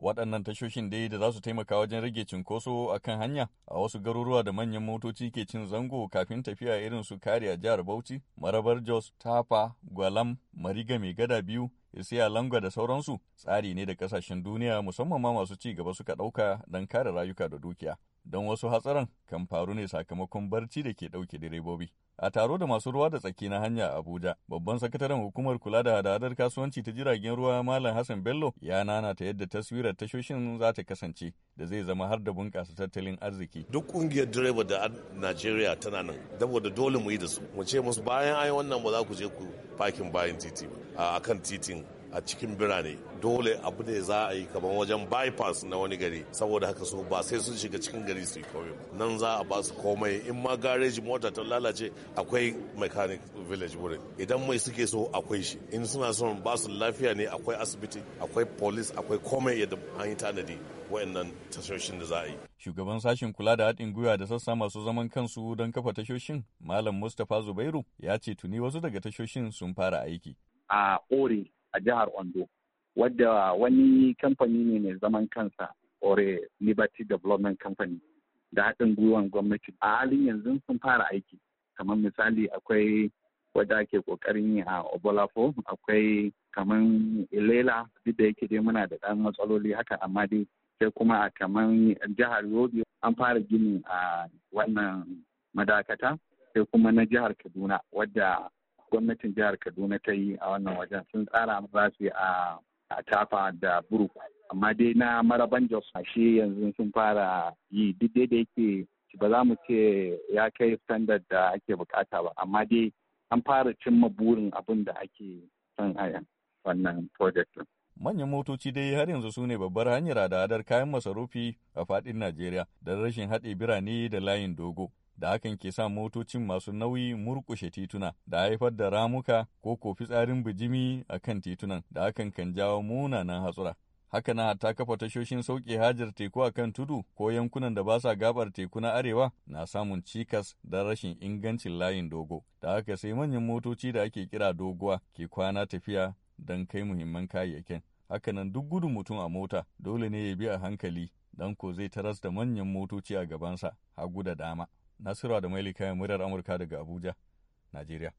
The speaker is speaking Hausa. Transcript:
waɗannan tashoshin dai da za su taimaka wajen rage cinkoso a kan hanya a wasu garuruwa da manyan motoci ke cin zango kafin tafiya irin su kari a jihar bauchi marabar jos tafa gwalam mariga mai gada biyu isiya langwa da sauransu tsari ne da ƙasashen duniya musamman ma masu ci gaba suka ɗauka don kare rayuka da dukiya don wasu hatsaran kan faru ne sakamakon barci da ke ɗauke direbobi A taro da masu ruwa da tsaki na hanya a Abuja, babban sakataren hukumar kula da hadadar kasuwanci ta jiragen ruwa Malam Hassan Bello ya ta yadda taswirar tashoshin za ta kasance da zai zama har da bunƙasa tattalin arziki. Duk ƙungiyar direba da Najeriya tana nan, saboda dole mu yi da su. Mu ce musu bayan ayi wannan ba za ku je ku fakin bayan titi ba, a kan titin a cikin birane dole abu ne za a yi kamar wajen bypass na wani gari saboda haka su ba sai sun shiga cikin gari su yi komai ba nan za a ba su komai in ma gareji mota ta lalace akwai mechanic village wurin idan mai suke so akwai shi in suna son ba su lafiya ne akwai asibiti akwai police akwai komai yadda an yi tanadi wayannan tashoshin da za a yi. Shugaban sashen kula da haɗin gwiwa da sassa masu zaman kansu don kafa tashoshin, Malam Mustapha Zubairu ya ce tuni wasu daga tashoshin sun fara aiki. A ore a jihar Ondo wadda wani kamfani ne mai zaman kansa Ore Liberty Development Company da haɗin gwiwan gwamnati a halin yanzu sun fara aiki kamar misali akwai wadda ake kokarin yi a Obolafo akwai kamar Ilela duk da yake dai muna da ɗan matsaloli haka amma dai sai kuma a kamar jihar Yobe an fara gini a wannan madakata sai kuma na jihar Kaduna wadda gwamnatin jihar kaduna ta yi a wannan wajen sun tsara za su a a tafa da buruk amma dai na maraban jos shi yanzu sun fara yi duk dai da yake ba za mu ce ya kai standard da ake bukata ba amma dai an fara cimma burin abin da ake son a wannan project manyan motoci dai har yanzu su ne babbar hanyar da adar kayan masarufi a fadin najeriya da rashin haɗe birane da layin dogo da hakan ke sa motocin masu nauyi murƙushe tituna da haifar da ramuka ko ko fitsarin bijimi a kan titunan da hakan kan jawo munanan hatsura. Haka na ta kafa tashoshin sauke hajar teku a kan tudu ko yankunan da ba sa gabar teku na arewa na samun cikas da rashin ingancin layin dogo. Da haka sai manyan motoci da ake kira doguwa ke kwana tafiya don kai muhimman kayayyakin. haka Hakanan duk gudun mutum a mota dole ne ya bi a hankali don ko zai taras da manyan motoci a gabansa hagu da dama. Nasiru da Mailika murar Amurka daga Abuja, Najeriya.